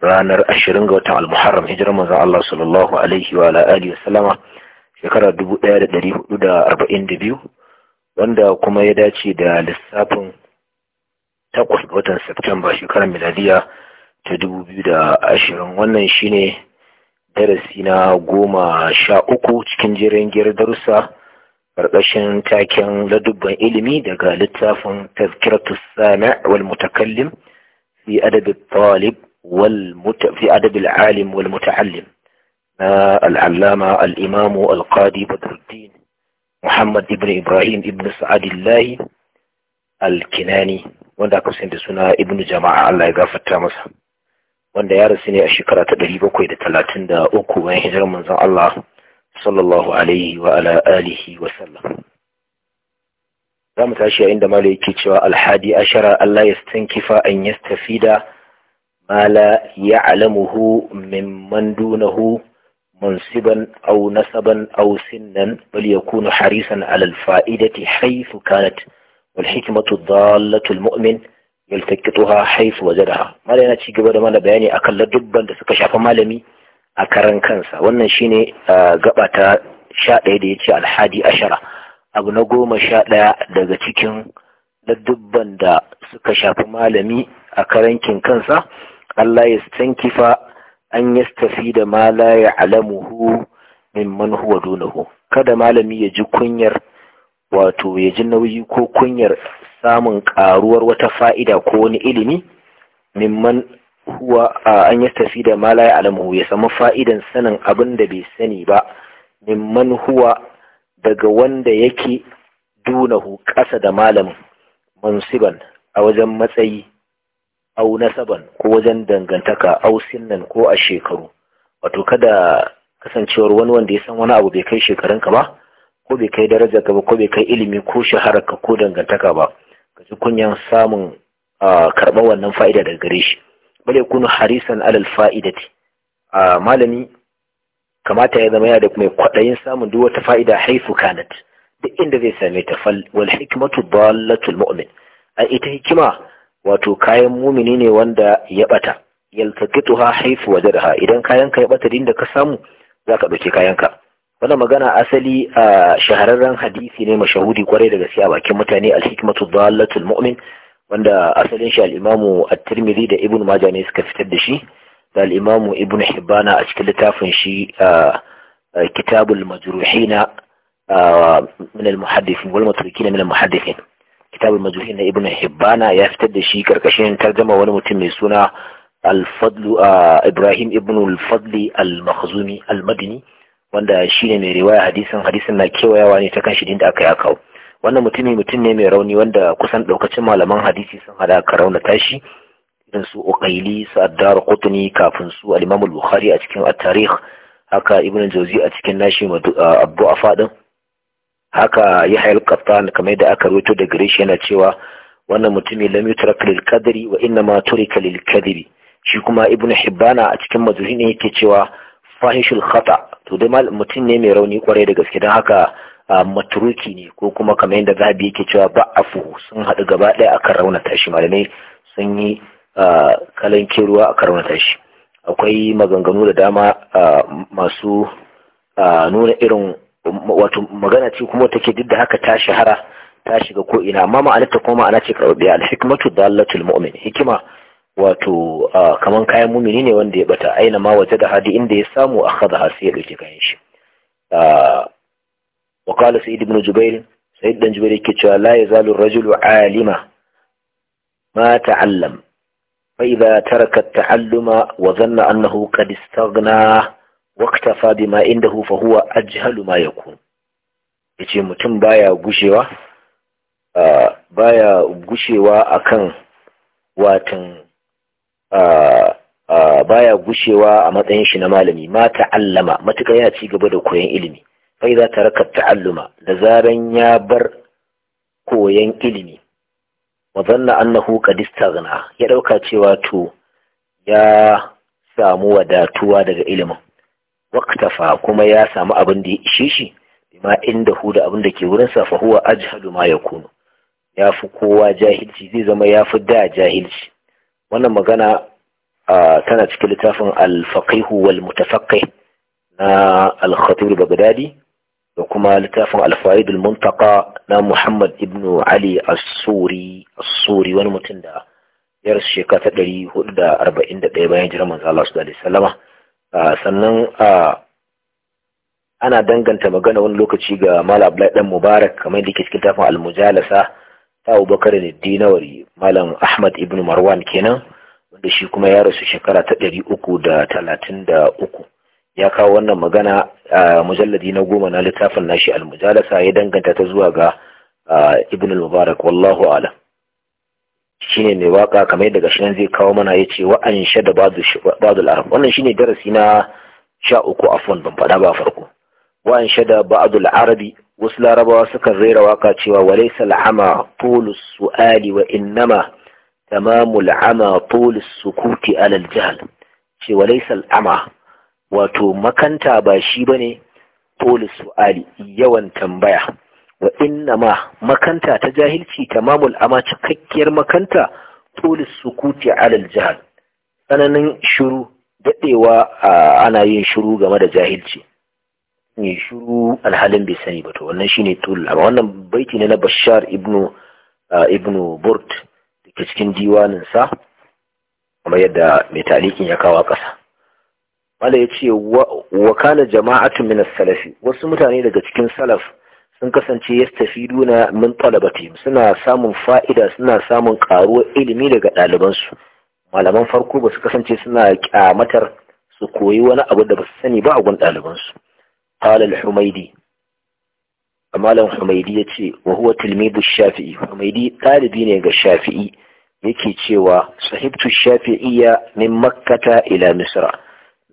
ranar ashirin ga watan al-muharram hijirar manzon Allah sallallahu alaihi wa ala wa salama) shekarar 1442 wanda kuma ya dace da lissafin takwas ga watan Septemba shekarar miladiya ta 2020 wannan shine darasi na goma sha uku cikin jiran giyar darussa ƙarƙashin taken ladubban ilimi daga littafin tazkiratu sami' wal mutakallim fi adab talib في أدب العالم والمتعلم العلامة الإمام القاضي بدر الدين محمد ابن إبراهيم ابن سعد الله alkinani wanda aka sani da suna ibnu jama'a Allah ya gafarta masa wanda ya rasu ne a shekara ta ɗari bakwai da talatin da uku bayan hijirar manzon Allah sallallahu alaihi wa ala wa sallam za mu tashi yayin da yake cewa alhadi ashara Allah ya an yastafida ما لا يعلمه ممن دونه منصبا أو نسبا أو سنا بل يكون حريصا على الفائدة حيث كانت والحكمة الضالة المؤمن yaltakituha haifu wajadaha malai yana ci gaba da mana bayani akan ladubban da suka shafa malami a karan kansa wannan shine gaba ta ɗaya da ya ce alhadi ashara abu na goma sha ɗaya daga cikin ladubban da suka shafi malami a karankin kansa Allah ya stankifa an yastafi da ma la ya'lamuhu mimman huwa dunahu kada malami ya ji kunyar wato ya ji nauyi ko kunyar samun karuwar wata fa'ida ko wani ilimi mimman huwa an yastafi da ma la ya'lamuhu ya samu fa'idan sanin abin da bai sani ba mimman huwa daga wanda yake dunahu ƙasa da malamin mansiban a wajen matsayi au nasaban ko wajen dangantaka au sinnan ko a shekaru wato kada kasancewar wani wanda ya san wani abu bai kai shekarunka ba ko bai kai daraja ka ba ko bai kai ilimi ko shahararka ko dangantaka ba ka ji kunyan samun karɓar wannan fa'ida daga gare shi bale kunu harisan alal fa'idati malami kamata ya zama yana da mai kwaɗayin samun duk wata fa'ida haifu kanat duk inda zai same ta fal wal hikmatu dallatul mu'min a ita hikima wato kayan mumini ne wanda ya bata yaltaqituha haythu wajadaha idan kayan ka ya bata din da ka samu zaka dauke kayan ka wannan magana asali a shahararren hadisi ne mashahudi kwarai da gaskiya bakin mutane al-hikmatu dhallatul mu'min wanda asalin shi al-imamu at-tirmidhi da ibn majah ne suka fitar da shi da al-imamu ibn hibbana a cikin littafin shi kitabul majruhina min al-muhaddithin minal mutrukin kitab al-majmu'in na ibn hibbana ya fitar da shi karkashin tarjama wani mutum mai suna al-fadl ibrahim ibn al-fadl al-makhzumi al-madini wanda shine mai riwaya hadisin hadisin na kewayawa ne ta kan shi da aka ya kawo wannan mutumi mutum ne mai rauni wanda kusan daukacin malaman hadisi sun hada ka rauna tashi irin su uqaili su addar qutni kafin su al-imam al-bukhari a cikin at-tarikh haka ibn jawzi a cikin nashi abu afadin haka yahya al-qattan kamar da aka rubuto da gare shi yana cewa wannan mutumin lam yutrak lil qadri wa inna ma turika lil kadhibi shi kuma ibnu hibbana a cikin majruhi ne yake cewa fahishul khata to dai mal mutum ne mai rauni kwarai da gaske don haka maturuki ne ko kuma kamar yadda zabi yake cewa ba ba'afu sun haɗu gaba ɗaya akan raunata shi malamai sun yi kalan ruwa akan raunata shi akwai maganganu da dama masu nuna irin wato magana ce kuma take duk da haka ta shahara ta shiga ko ina amma ma'anarta kuma ma'ana ce karɓaɓɓiya alhikmatu dallatul mu'min hikima wato kaman kayan mumini ne wanda ya bata aina ma waje da hadi inda ya samu a kada har sai ya ɗauki kayan shi wa qala sai ibn jubair sa'id dan jubair yake cewa la yazalu rajulu alima ma ta'allam fa idza taraka at-ta'alluma wa dhanna annahu qad istaghna waktafa bima indahu fa huwa ajhalu ma yakun yace mutum baya gushewa baya gushewa akan watan baya gushewa a matsayin shi na malami ma ta'allama matuka yana ci gaba da koyon ilimi fa idza taraka ta'alluma da zaran ya bar koyon ilimi wa zanna annahu qad istaghna ya dauka cewa to ya samu wadatuwa daga ilimin waktafa kuma ya samu abin da ya ishe shi bima inda hu da abin da ke wurin sa fa huwa ajhadu ma yakunu ya fi kowa jahilci zai zama ya fi da jahilci wannan magana tana cikin littafin al-faqihu wal na al-khatib bagdadi da kuma littafin al-faid al-muntaqa na Muhammad ibn Ali as-Suri as-Suri wani mutum da yar shekara ta 441 bayan jiran manzo Allah sallallahu alaihi Ah, sannan ah, ana danganta magana wani lokaci ga malam abdullahi dan mubarak kamar yadda ke cikin tafin almujalasa ta abubakar ne dinawari malam ahmad ibn marwan kenan wanda shi kuma ya rasu shekara ta ɗari uku da talatin da uku ya kawo wannan magana a ah, mujalladi na goma na littafin nashi almujalasa ya danganta ta zuwa ga ibn mubarak wallahu alam shine mai waka kamar yadda gashi zai kawo mana ya ce wa'an sha da ba'adul arab wannan shine darasi na sha uku fon ban faɗa ba farko wa'an sha da ba'adul arabi wasu larabawa sukan rera waka cewa walai sal'ama tulus su'ali wa innama tamamul ama tulus sukuti alal jahal ce walai sal'ama wato makanta ba shi bane tulus su'ali yawan tambaya wa inna ma makanta ta jahilci tamamul amma cikakkiyar makanta tolis sukuti alal jihar tsananin shiru daɗewa ana yin shiru game da jahilci ne shiru alhalin bai sani ba to wannan shine tulul amma wannan baiti ne na bashar ibnu ibnu burd da cikin diwanin sa kamar yadda mai talikin ya kawo ƙasa wanda ya ce wa kana jama'atu min salafi wasu mutane daga cikin salaf sun kasance ya tafi duna min talabati suna samun fa'ida suna samun karuwar ilimi daga ɗalibansu malaman farko ba su kasance suna kyamatar su koyi wani abu da ba su sani ba a gun ɗalibansu qala al-humaydi malam humaydi yace wa huwa tilmidu shafi'i humaydi ɗalibi ne ga shafi'i yake cewa sahibtu shafi'iyya min makkata ila misra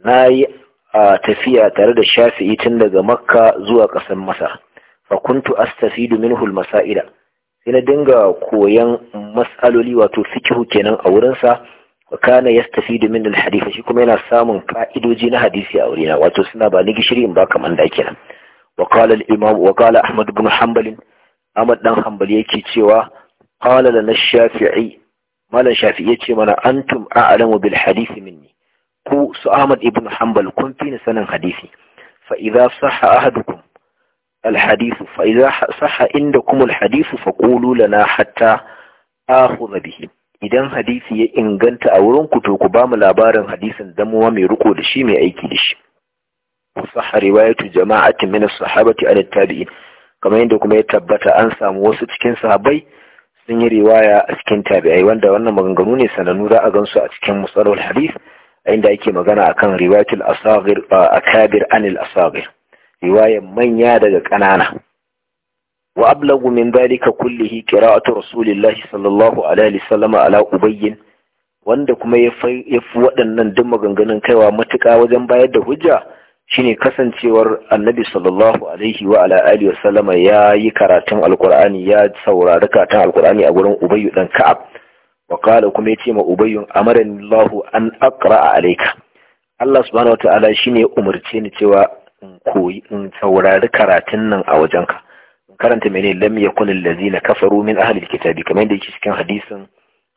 nayi a tafiya tare da shafi'i tun daga makka zuwa ƙasar masar fa kuntu astafidu minhu al-masaila sai na dinga koyan mas'aloli wato fikihu kenan a wurin sa kana yastafidu min al-hadith shi kuma yana samun fa'idoji na hadisi a wurina wato suna ba ni gishiri in ba kaman da kenan wa qala al-imam wa qala ahmad ibn hanbal ahmad dan yake cewa qala lana shafi'i malam shafi'i yace mana antum a'lamu bil hadith minni ku su ahmad ibn hanbal kun fi ni sanin hadisi fa idza sahha ahadukum الحديث فإذا صح عندكم الحديث فقولوا لنا حتى آخذ به idan hadisi ya inganta a wurin ku to ku bamu labarin hadisin zamuwa mai riko da shi mai aiki da shi sahha riwayatu jama'atin min as-sahabati an tabi'in kamar yadda kuma ya tabbata an samu wasu cikin sahabbai sun yi riwaya a cikin tabi'ai wanda wannan maganganu ne sanannu za a gansu a cikin musalul hadith inda ake magana akan riwayatul asagir akabir anil asagir riwayan manya daga ƙanana wa ablagu min dalika kullihi qira'atu rasulillahi sallallahu alaihi wasallam ala ubayyin wanda kuma ya fi waɗannan duk maganganun kaiwa matuƙa wajen bayar da hujja shine kasancewar annabi sallallahu alaihi wa ala alihi ya yi karatun Alƙur'ani, ya saurari karatun alkur'ani a gurin ubayyu ɗan ka'ab wa qala kuma ce ma ubayyu amarani Allah an aqra alayka Allah subhanahu wa ta'ala shine umarce ni cewa in koyi in saurari karatun nan a wajen wajenka karanta mene lam yakun allazina kafaru min ahli alkitabi kamar yadda yake cikin hadisin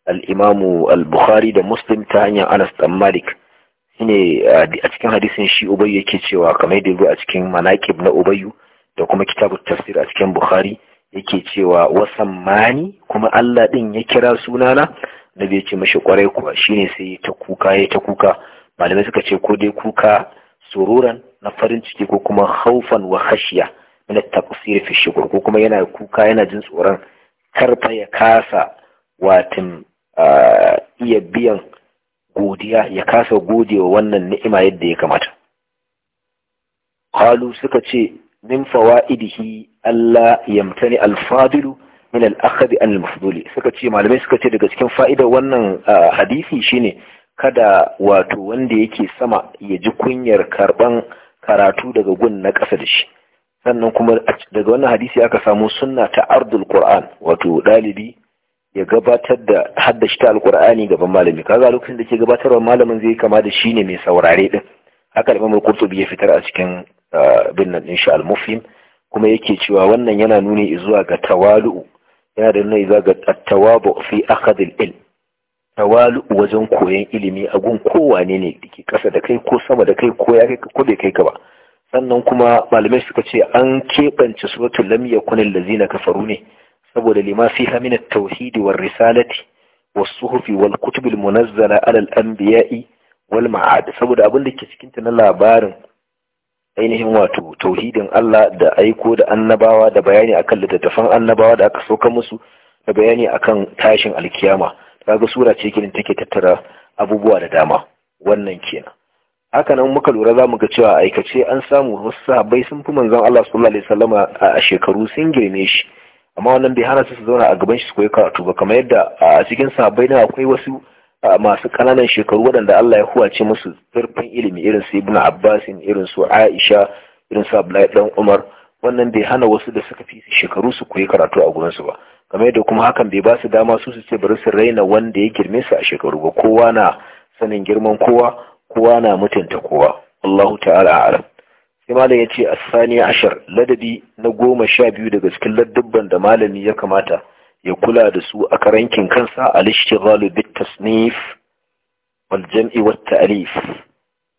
al-Imam al-Bukhari da Muslim ta hanyar Anas dan Malik shine a cikin hadisin shi Ubay yake cewa kamar yadda yake a cikin Manaqib na Ubayyu da kuma kitabu tafsir a cikin Bukhari yake cewa wasammani kuma Allah din ya kira sunana da bai ce mashi kwarai kuwa shine sai ta kuka ya ta kuka malamai suka ce ko dai kuka sururan na farin ciki ko kuma haufan wa hashiya na taqsir fi ko kuma yana kuka yana jin tsoron karfa ya kasa watin iya biyan godiya ya kasa godewa wannan ni'ima yadda ya kamata qalu suka ce min fawaidihi alla yamtani al min al-akhd an al suka ce malamai suka ce daga cikin fa'idar wannan hadisi shine kada wato wanda yake sama ya ji kunyar karban karatu daga gun na ƙasa da shi sannan kuma daga wannan hadisi aka samu sunna ta ardul qur'an wato dalibi ya gabatar da haddashi ta alqur'ani gaban malami kaga lokacin da ke gabatarwa malamin zai kama da shi ne mai saurare din haka da mamul qurtubi ya fitar a cikin ah, bin nan insha al mufim kuma yake cewa wannan yana nuni zuwa ga tawalu yana da nuni zuwa ga at-tawabu fi akhd al-ilm tawalu wajen koyon ilimi a gun kowane ne da ke kasa da kai ko sama da kai ko bai kai ka ba sannan kuma malamai suka ce an keɓance suratul lam yakunil ladzina kafaru ne saboda lima fi hamina tauhid war risalati wa suhufi wal kutubil munazzala ala al-anbiya'i wal ma'ad saboda abin da ke cikin ta na labarin ainihin wato tauhidin Allah da aiko da annabawa da bayani akan littattafan annabawa da aka sauka musu da bayani akan tashin alkiyama kaga sura ce kin take tattara abubuwa da dama wannan kenan haka nan muka lura za ga cewa aikace an samu wasu sahabbai sun fi manzon Allah sallallahu alaihi wasallama a shekaru sun girme shi amma wannan bai hana su su zauna a gaban shi su koyi karatu ba kamar yadda a cikin sahabbai na akwai wasu masu kananan shekaru waɗanda Allah ya huwace musu zurfin ilimi irin su Ibn Abbas irin su Aisha irin su Abdullahi dan Umar wannan bai hana wasu da suka fi shekaru su koyi karatu a gurin su ba kamar yadda kuma hakan bai ba su dama su su ce bari su raina wanda ya girme su a shekaru ba kowa na sanin girman kowa kowa na mutunta kowa Allahu ta'ala a'lam sai malam ya ce asani ashar ladabi na goma sha biyu daga cikin ladabban da malami ya kamata ya kula da su a karankin kansa al-ishtighalu bit tasnif wal jam'i wat ta'lif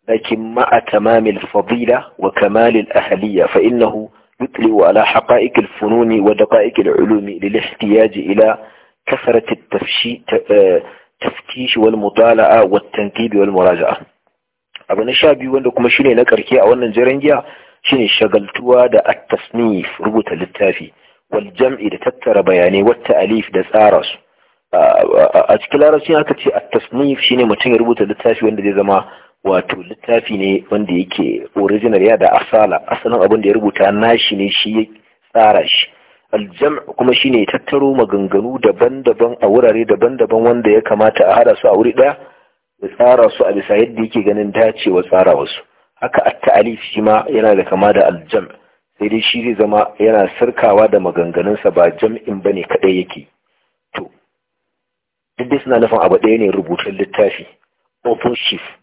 lakin ma'a tamamil fadila wa kamalil ahliya fa innahu يتلو على حقائق الفنون ودقائق العلوم للاحتياج إلى كثرة التفتيش آه، والمطالعة والتنكيب والمراجعة أبنى الشابي وانكم شيني نكركي أولا جرنجيا شيني شغلتوا دا التصنيف ربط للتافي والجمع دا تتر بياني والتأليف دا سارس أتكلا آه، آه، رسينا التصنيف شيني متنج ربط للتافي وانك دي زمان wato littafi ne wanda yake original ya da asala asalin abin da ya rubuta nashi ne shi ya tsara shi aljam kuma shine tattaro maganganu daban-daban a wurare daban-daban wanda ya kamata a hada su a wuri ɗaya ya tsara su a bisa yadda yake ganin dacewa tsara wasu haka a taalif shi ma yana da kama da aljam sai dai shi zai zama yana sirkawa da maganganunsa ba jam'in ba ne kaɗai yake to duk suna nufin abu ɗaya ne rubutun littafi shift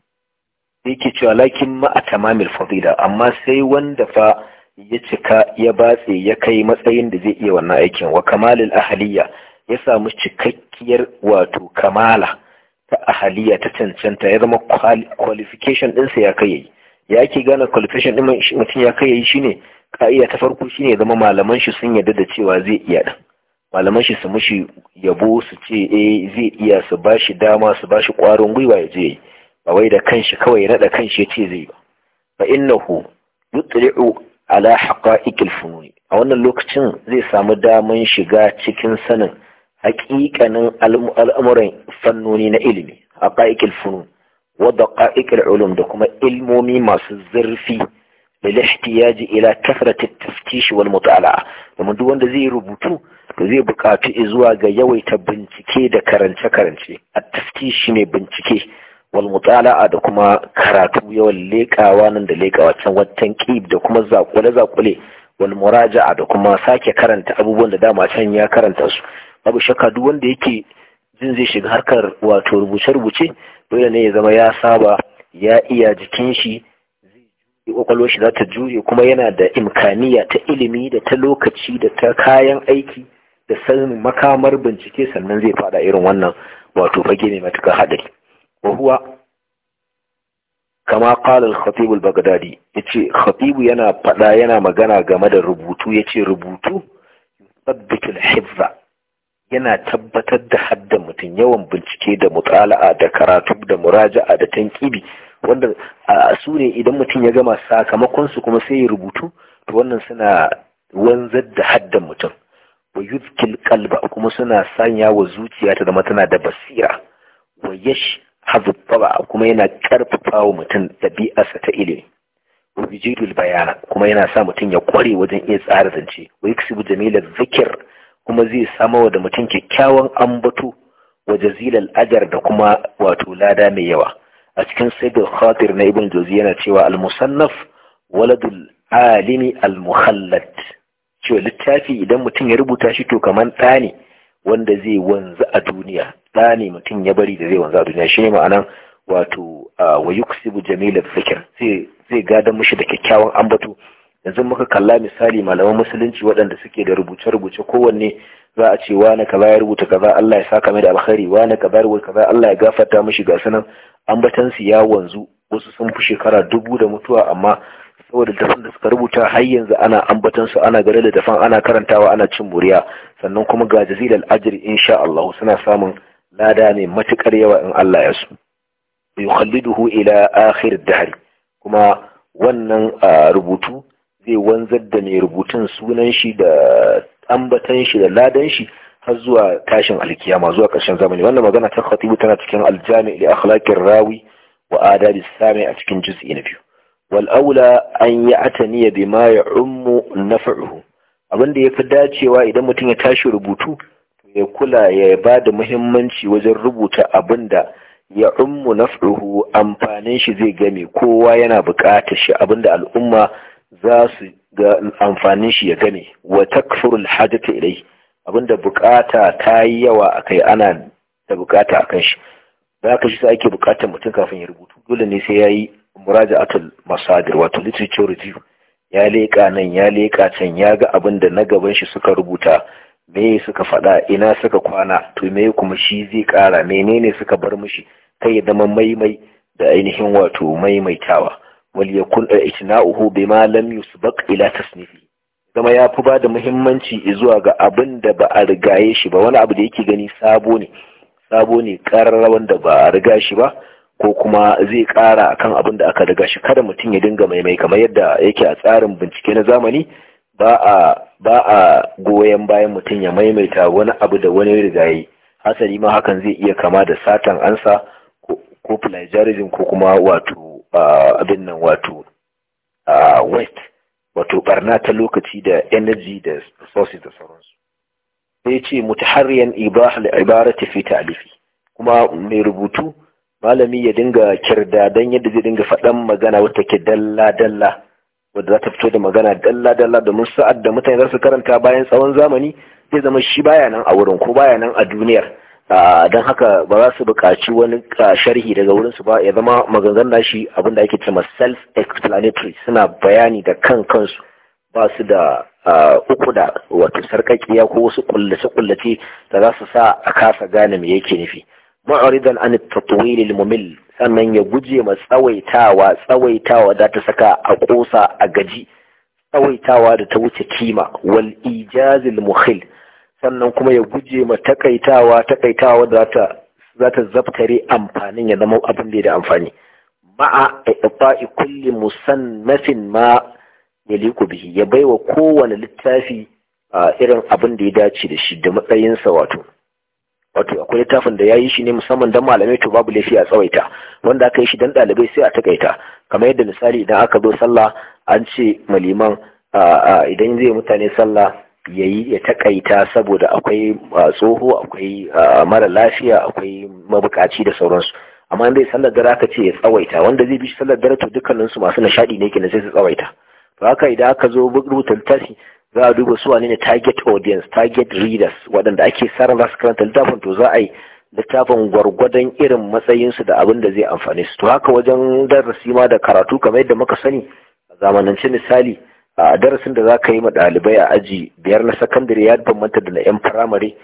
yake cewa lakin ma a tamamil fadila amma sai wanda fa ya cika ya batse ya kai matsayin da zai iya wannan aikin wa kamalil ahaliya ya samu cikakkiyar wato kamala ta ahaliya ta cancanta ya zama qualification ɗinsa ya kai yayi ya ake gane qualification ɗin mutum ya kai yayi shine ka'ida ta farko shine zama malaman shi sun yarda da cewa zai iya da? malaman shi su mushi yabo su ce eh zai iya su bashi dama su bashi kwarin gwiwa ya je ba da kanshi kawai rada kanshi yace zai ba fa innahu yutli'u ala haqa'iqil fununi a wannan lokacin zai samu daman shiga cikin sanin haƙiƙanin al'amuran fannoni na ilimi haqa'iqil funun wa daqa'iqil ulum da kuma ilmomi masu zurfi lil ihtiyaji ila kasrati taftish wal mutala'a domin duk wanda zai rubutu to zai buƙaci zuwa ga yawaita bincike da karance-karance a taftishi ne bincike wal da kuma karatu yawan leƙawa nan da leƙawa can wancan ƙib da kuma zakule zakule wal da kuma sake karanta abubuwan da dama can ya karanta su babu shakka duk wanda yake jin zai shiga harkar wato rubuce rubuce dole ne ya zama ya saba ya iya jikin shi kwakwalwa shi za ta jure kuma yana da imkaniya ta ilimi da ta lokaci da ta kayan aiki da sanin makamar bincike sannan zai fada irin wannan wato fage mai matuƙar haɗari wa huwa kama الخطيب البغدادي يتي خطيب Habibu yana fada yana magana game da rubutu yace rubutu yuthabbitu al yana tabbatar da haddan mutum yawan bincike da mutala'a da karatu da muraja'a da tankibi wanda su ne idan mutum ya gama sakamakon su kuma sai ya rubutu to wannan suna wanzar da haddan mutum wa yuzkil qalba kuma suna sanya wa zuciya ta zama tana da basira wa yashi hazuffaba kuma yana karfafa wa mutum dabi'arsa ta ilimi wujidul bayana kuma yana sa mutum ya kware wajen iya tsara zance wa yaksibu jamilar zikir kuma zai samar da mutum kyakkyawan ambato wa jazilal ajar da kuma wato lada mai yawa a cikin saidul khatir na ibn jozi yana cewa al-musannaf waladul alimi al-muhallad cewa littafi idan mutum ya rubuta shi to kamar ɗa ne wanda zai wanzu a duniya da ne mutum ya bari da zai wanzu a duniya shine ma'anan wato wa yuksibu jamilat zikr zai gada mushi da kyakkyawan ambato yanzu muka kalla misali malaman musulunci waɗanda suke da rubuce-rubuce kowanne za a ce wani ka ya rubuta kaza Allah ya saka mai da alkhairi wani ka ya rubuta kaza Allah ya gafarta mishi ga sunan ambatansu ya wanzu wasu sun fi shekara dubu da mutuwa amma saboda littafin da suka rubuta har yanzu ana ambatan su ana gare dafan ana karantawa ana cin muriya sannan kuma ga jazilal ajr insha Allah suna samun lada ne matukar yawa in Allah ya so yukhalliduhu ila akhir dahr kuma wannan rubutu zai wanzar da mai rubutun sunan shi da ambatan shi da ladan shi har zuwa tashin alkiyama zuwa ƙarshen zamani wannan magana ta khatibu tana cikin aljami'i li akhlaqir rawi wa adabi sami a cikin juz'i na biyu wal'aula an yi ataniya bi ma ya ummu nafa'uhu abinda ya fi dacewa idan mutum ya tashi rubutu ya kula ya ba da muhimmanci wajen rubuta abinda ya ummu naf'uhu amfanin shi zai game kowa yana buƙatar shi abinda al'umma za su ga amfanin shi ya game wa takfurul hajata ilai abinda bukata ta yi yawa a kai, ana da bukata kan shi Za ka shi sai ake bukatar mutum kafin ya rubutu dole ne sai ya yi. atul masadir wato literature review ya leƙa nan ya leƙa can ya ga abin da na gaban shi suka rubuta me suka faɗa ina suka kwana to me kuma shi zai ƙara menene suka bar mishi kai ya zama maimai da ainihin wato maimaitawa wal yakun itina'uhu bima lam yusbaq ila tasnifi zama ya fi da muhimmanci zuwa ga abin da ba a rigaye shi ba wani abu da yake gani sabo ne sabo ne ƙararrawan da ba a riga shi ba ko kuma zai kara kan abin da aka daga shi kada mutum ya dinga maimai kamar yadda yake a tsarin bincike na zamani ba a goyon bayan mutum ya maimaita wani abu da wani riga yi hasali ma hakan zai iya kama da satan ansa ko plagiarism ko kuma wato abin nan wato west wato barna ta lokaci da energy da sources da sauransu sai ce mutaharriyan ibah li ibarati fi ta'lifi kuma mai rubutu malami ya dinga kirda don yadda zai dinga faɗan magana wata ke dalla-dalla wadda za ta fito da magana dalla-dalla domin sa'ad da mutane za su karanta bayan tsawon zamani zai zama shi baya nan a wurin ko baya nan a duniyar don haka ba za su buƙaci wani sharhi daga wurin su ba ya zama maganganun shi abin da ake cima self-explanatory suna bayani da kan kansu ba su da uku da wato sarƙaƙiya ko wasu ƙullace-ƙullace da za su sa a kasa gane me yake nufi. ma'aridan an tatwil mumil sannan ya guje ma tsawaitawa tsawaitawa da ta saka a kosa a gaji tsawaitawa da ta wuce kima wal ijazil mukhil sannan kuma ya guje ma takaitawa takaitawa da ta za ta zaftare amfanin ya zama abin da ya da amfani ma'a iqta'i kulli musannafin ma yaliku bihi ya baiwa kowane littafi irin abin da ya dace da shi da matsayinsa wato wato akwai littafin da ya yi shi ne musamman don malamai to babu laifi a tsawaita wanda aka yi shi don ɗalibai sai a takaita kamar yadda misali idan aka zo sallah an ce maliman idan zai mutane sallah ya yi ya takaita saboda akwai tsoho akwai mara lafiya akwai mabukaci da sauransu amma zai sallar dare aka ce ya tsawaita wanda zai bi shi sallar dare to dukkaninsu masu nishaɗi ne kenan sai su tsawaita to haka idan aka zo rubuta littafi za a duba su ne target audience target readers waɗanda ake sarrafa su karanta littafin to za a yi littafin gwargwadon irin matsayinsu da abin da zai amfani su to haka wajen darasi ma da karatu kamar yadda muka sani a zamanance misali a darasin da za ka yi ma ɗalibai a aji biyar na sakandare ya bambanta da na 'yan firamare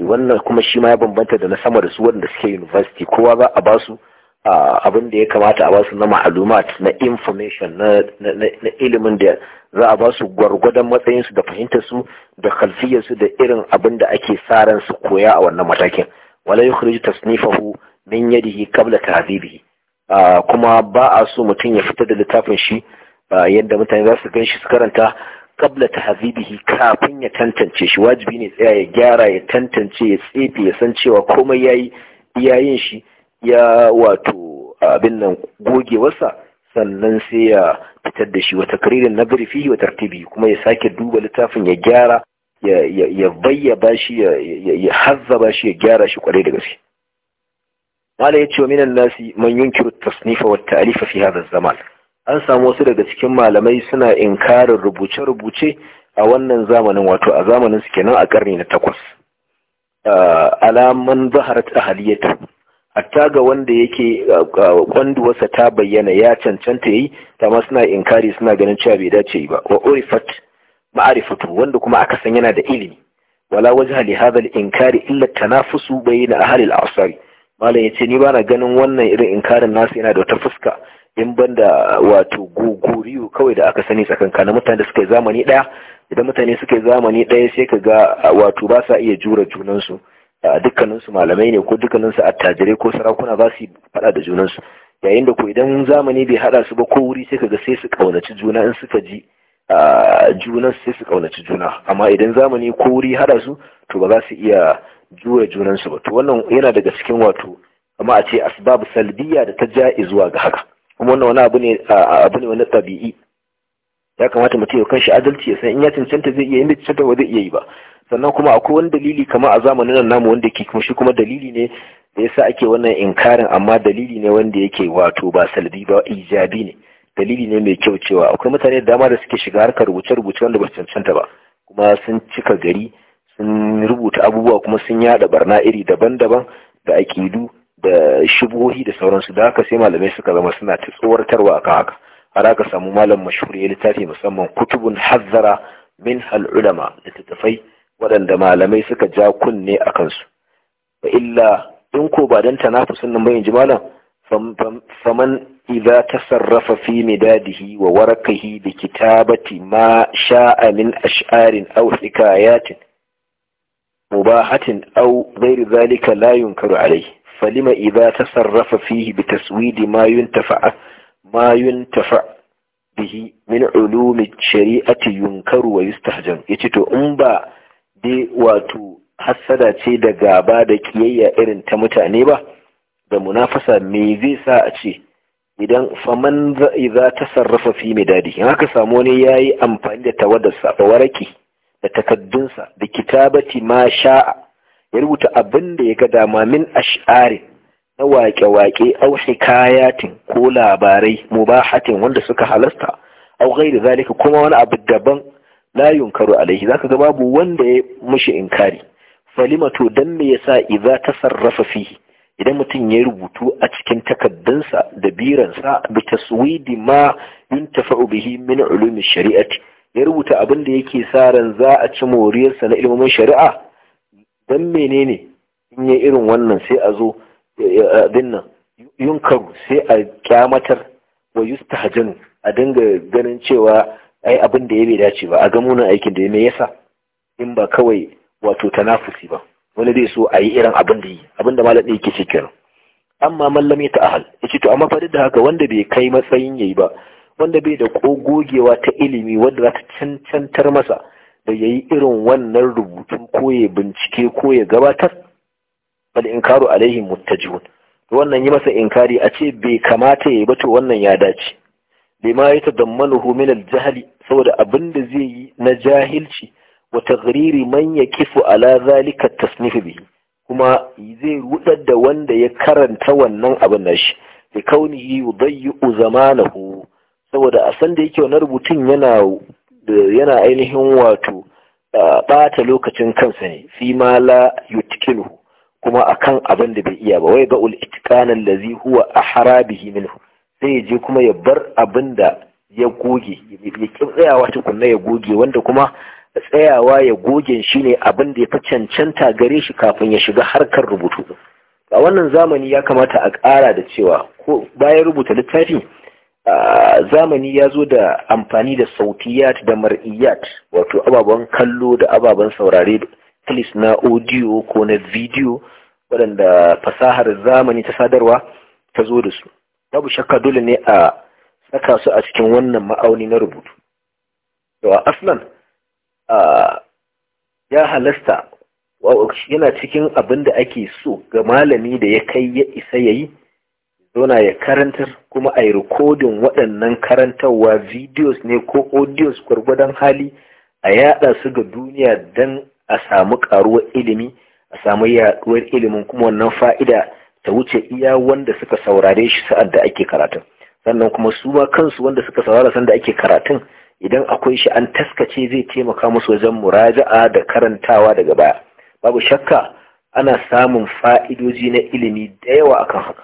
wannan kuma shi ma ya bambanta da na sama da su waɗanda suke university kowa za a basu abin da ya kamata a basu na ma'alumat na information na ilimin da za a basu gwargwadon matsayinsu da fahimtar su da kalfiyarsu da irin abin da ake sa ran su koya a wannan matakin wala yukhrij tasnifahu min yadihi qabla tahdibihi kuma ba a so mutum ya fitar da littafin shi yadda mutane za su gan shi su karanta kabla tahzibihi kafin ya tantance shi wajibi ne tsaya ya gyara ya tantance ya tsefe ya san cewa komai yayi iyayen shi ya wato abin nan gogewarsa sannan sai ya fitar da shi wata karirin na fihi wa tartibi kuma ya sake duba littafin ya gyara ya ba shi ya ba shi ya gyara shi kwarai da gaske mala ya ce wa minan nasi man yunkiru tasnifa wa ta'alifa fi hadha zaman an samu wasu daga cikin malamai suna inkarin rubuce-rubuce a wannan zamanin wato a zamanin su kenan a karni na takwas ah, alaman zaharat ahaliyatu hatta ga wanda yake kwanduwarsa ta bayyana ya cancanta yi ta ma suna inkari suna ganin cewa bai dace ba wa urifat ma'arifatu wanda kuma aka san yana da ilimi wala wajha li hadha al inkari illa tanafusu bayna ahli al asari malam yace ni bana ganin wannan irin inkarin nasu yana da wata fuska in banda wato gogoriyo kawai da aka sani tsakankanin mutane da suka yi zamani daya idan mutane suka yi zamani daya sai ka ga wato ba sa iya jura junansu dukkaninsu malamai ne ko dukkaninsu attajirai ko sarakuna ba su fada da junansu yayin da ku idan zamani bai hada su ba ko wuri sai kaga sai su kaunaci juna in suka ji juna sai su kaunaci juna amma idan zamani ko wuri hada su to ba za su iya juya junansu ba to wannan yana daga cikin wato amma a ce asbab salbiya da ta ja'i zuwa ga haka kuma wannan wani abu ne abu ne wani tabi'i ya kamata mutum ya kanshi adalci ya san in ya cancanta zai iya inda cancanta ba zai iya yi ba sannan kuma akwai wani dalili kamar a zamanin nan namu wanda ke kuma shi kuma dalili ne da yasa ake wannan inkarin amma dalili ne wanda yake wato ba salbi ba ijabi ne dalili ne mai kyau cewa akwai mutane da dama da suke shiga harkar rubuce-rubuce wanda ba su cancanta ba kuma sun cika gari sun rubuta abubuwa kuma sun yada barna iri daban-daban da aƙidu da shubuhohi da sauransu da haka sai malamai suka zama suna ta a akan haka har aka samu malam mashhur ya littafi musamman kutubun hazzara min hal'ulama da littattafai waɗanda malamai suka ja kunne a kansu ba illa in ko ba don tanafusin nan bayan jimalan faman idza sarrafa fi midadihi wa warqihi bi kitabati ma sha'a min ash'arin aw hikayatin mubahatin aw ghayr Zalika la yunkaru alayhi falima idza tasarrafa fihi bi taswid ma yuntafa ma yuntafa bihi min ulumi shari'ati yunkaru wa yustahjan yace to in ba dai wato hassada ce da gaba da kiyayya irin ta mutane ba da munafasa me zai sa a ce idan faman za ta sarrafa fi mai dadi in haka samu wani ya yi amfani da tawadarsa a waraki da takaddunsa da kitabati ma sha'a ya rubuta abin da ya ga dama min ash'ari na waƙe-waƙe au kayatin ko labarai mubahatin wanda suka halasta au gairi zalika kuma wani abu daban la yunkaru alaihi zaka ga babu wanda ya mushi inkari falima to dan me yasa idza tasarrafa fihi idan mutum ya rubutu a cikin takaddansa da biransa bi taswidi ma yuntafa'u bihi min ulumi shari'ati ya rubuta abin da yake sa ran za a ci moriyarsa na ilimin shari'a dan menene in yi irin wannan sai a zo eh, abin yunkaru sai a kyamatar wa yustahajanu a dinga ganin cewa ai abin da ya bai dace ba a ga munin aikin da ya me yasa in ba kawai wato tanafusi ba wani zai so a yi irin abin da yi abin da malam yake ce kenan amma mallam ya ta'ahal to amma fa da haka wanda bai kai matsayin yayi ba wanda bai da gogewa ta ilimi wanda za ta cancantar masa da yayi irin wannan rubutu ko ya bincike ko ya gabatar bal inkaru alaihi muttajihun to wannan yi masa inkari a ce bai kamata yayi ba to wannan ya dace bima yatadammanuhu min al-jahli saboda abin da zai yi na jahilci wa tagriri man kifu ala zalika tasnifi bihi kuma zai rudar da wanda ya karanta wannan abin nashi bi kaunihi yudayyu zamanahu saboda a san da yake wannan rubutun yana yana ainihin wato bata lokacin kansa ne fi ma la kuma akan abin da bai iya ba wai ga ul itqanan allazi huwa ahra bihi minhu sai je kuma ya bar abin da ya goge ya tsayawa tukunna ya goge wanda kuma tsayawa ya gogen ne abin da ya fi cancanta gare shi kafin ya shiga harkar rubutu a wannan zamani ya kamata a ƙara da cewa ko bayan rubuta littafi zamani ya zo da amfani da sautiyat da mar'iyat wato ababen kallo da ababen saurare clips na audio ko na video waɗanda fasahar zamani ta sadarwa ta zo da su babu shakka dole ne a saka su a cikin wannan ma'auni na rubutu yawa aslan ya halasta yana cikin abin da ake so ga malami da ya kai ya isa ya yi zona ya karantar kuma a yi rikodin waɗannan karantarwa videos ne ko audios gwargwadon hali a yaɗa su ga duniya don a samu ƙaruwar ilimi a samu yaɗuwar ilimin kuma wannan fa'ida ta wuce iya wanda suka saurare shi sa'ad da ake karatun sannan kuma su ma kansu wanda suka saurara sanda ake karatun idan akwai shi an taskace zai taimaka musu wajen muraja'a da karantawa daga baya babu shakka ana samun fa'idoji na ilimi da yawa akan haka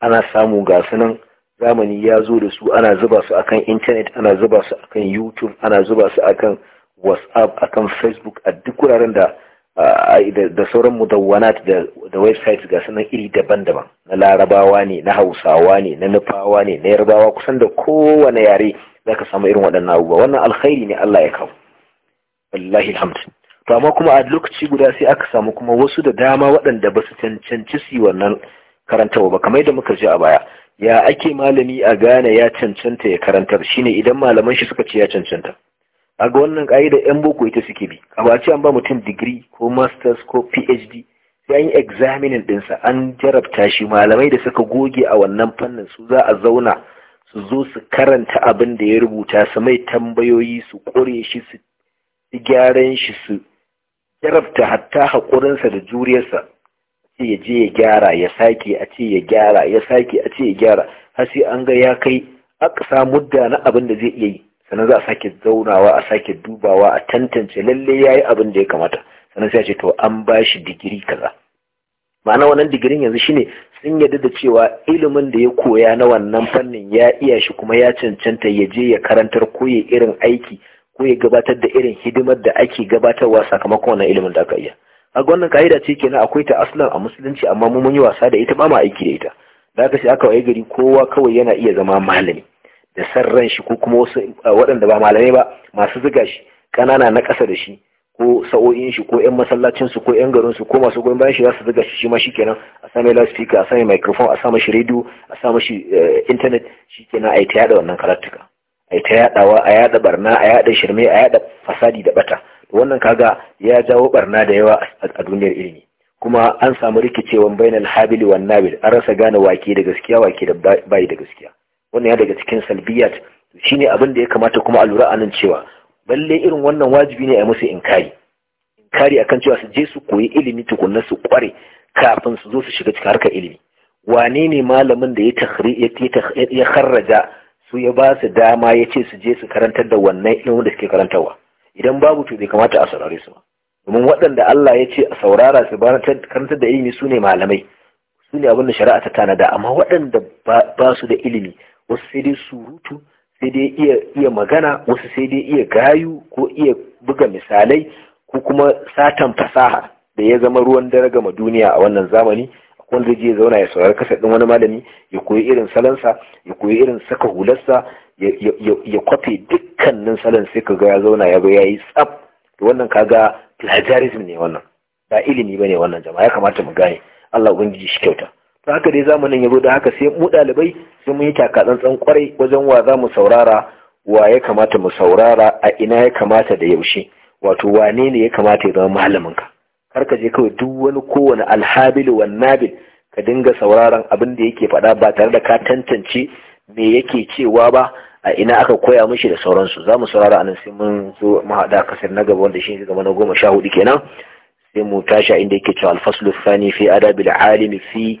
ana samu gasu nan, zamani ya zo da su ana zuba su akan intanet ana zuba su akan youtube ana zuba su akan whatsapp akan facebook a duk wuraren da da sauran mudawwanat da websites ga sunan iri daban-daban na larabawa ne na hausawa ne na nufawa ne na yarbawa kusan da kowane yare za ka samu irin waɗannan abubuwa wannan alkhairi ne Allah ya kawo wallahi alhamd to amma kuma a lokaci guda sai aka samu kuma wasu da dama waɗanda ba su cancanci su wannan karantawa ba kamar da muka ji a baya ya ake malami a gane ya cancanta ya karantar shine idan malaman shi suka ce ya cancanta a ga wannan ƙa'idar 'yan boko ita suke bi a ba an ba mutum digiri ko masters ko phd sai an yi examinin ɗinsa an jarabta shi malamai da suka goge a wannan fannin su za a zauna su zo su karanta abin da ya rubuta su mai tambayoyi su ƙure shi su gyaran shi su jarabta hatta haƙurinsa da juriyarsa ce ya je ya gyara ya sake a ce ya gyara ya sake a ce ya gyara har sai an ga ya kai aka da na abin da zai iya yi sannan za a sake zaunawa a sake dubawa a tantance lalle yayi abin da ya kamata sannan sai a ce to an ba shi digiri kaza ma'ana wannan digirin yanzu shine sun yadda da cewa ilimin da ya koya na wannan fannin ya iya shi kuma ya cancanta ya je ya karantar ko ya irin aiki ko ya gabatar da irin hidimar da ake gabatarwa sakamakon wannan ilimin da aka iya a wannan ka'ida ce kenan akwai ta aslan a musulunci amma mu mun yi wasa da ita ba mu aiki da ita da aka sai aka waye gari kowa kawai yana iya zama malami da sarran shi ko kuma wasu waɗanda ba malamai ba masu zuga shi ƙanana na ƙasa da shi ko sa'o'in shi ko 'yan masallacin su ko 'yan garin su ko masu goyon bayan shi za su zuga shi shi ma shikenan a sami loudspeaker a sami microphone a sami shi radio a sami shi eh, internet shikenan a yi ta yada wannan karatuka a yi ta yadawa a yada barna a yada shirme a yada fasadi da bata wannan kaga ya jawo barna da yawa a duniyar ilimi kuma an samu rikicewan bainal habili wan nabil an rasa gane wake da gaskiya wake da bai da gaskiya wannan ya daga cikin salbiyat ne abin da ya kamata kuma a lura anan cewa balle irin wannan wajibi ne a musu inkari inkari akan cewa su je su koyi ilimi tukunna su kware kafin su zo su shiga cikin harkar ilimi wane ne malamin da ya ya kharraja su ya ba su dama ya ce su je su karantar da wannan ilimin da suke karantarwa idan babu to bai kamata a saurare su ba domin waɗanda Allah ya ce a saurara su karantar da ilimi su ne malamai su ne abin da shari'a ta tanada amma waɗanda ba su da ilimi wasu sai dai surutu sai dai iya magana wasu sai dai iya gayu ko iya buga misalai ko kuma satan fasaha da ya zama ruwan dare gama duniya a wannan zamani wanda zai je zauna ya saurari kasa ɗin wani malami ya koyi irin salansa ya koyi irin saka hularsa ya kwafe dukkanin salon sai kaga ya zauna ya ya yi tsaf to wannan kaga plagiarism ne wannan ba ilimi bane wannan jama'a ya kamata mu gane Allah ubangiji shi kyauta haka dai zamanin ya zo da haka sai mu dalibai sai mun yi takatsantsan kwarai wajen wa za mu saurara wa ya kamata mu saurara a ina ya kamata da yaushe wato wane ne ya kamata ya zama malaminka har ka je kawai duk wani kowane alhabil wa nabil ka dinga sauraron abin da yake faɗa ba tare da ka tantance me yake cewa ba a ina aka koya mishi da sauransu za mu saurara anan sai mun zo mahaɗa kasar na gaba wanda shi ne zama na goma sha hudu kenan sai mu tashi inda yake cewa alfaslu thani fi adabil alimi fi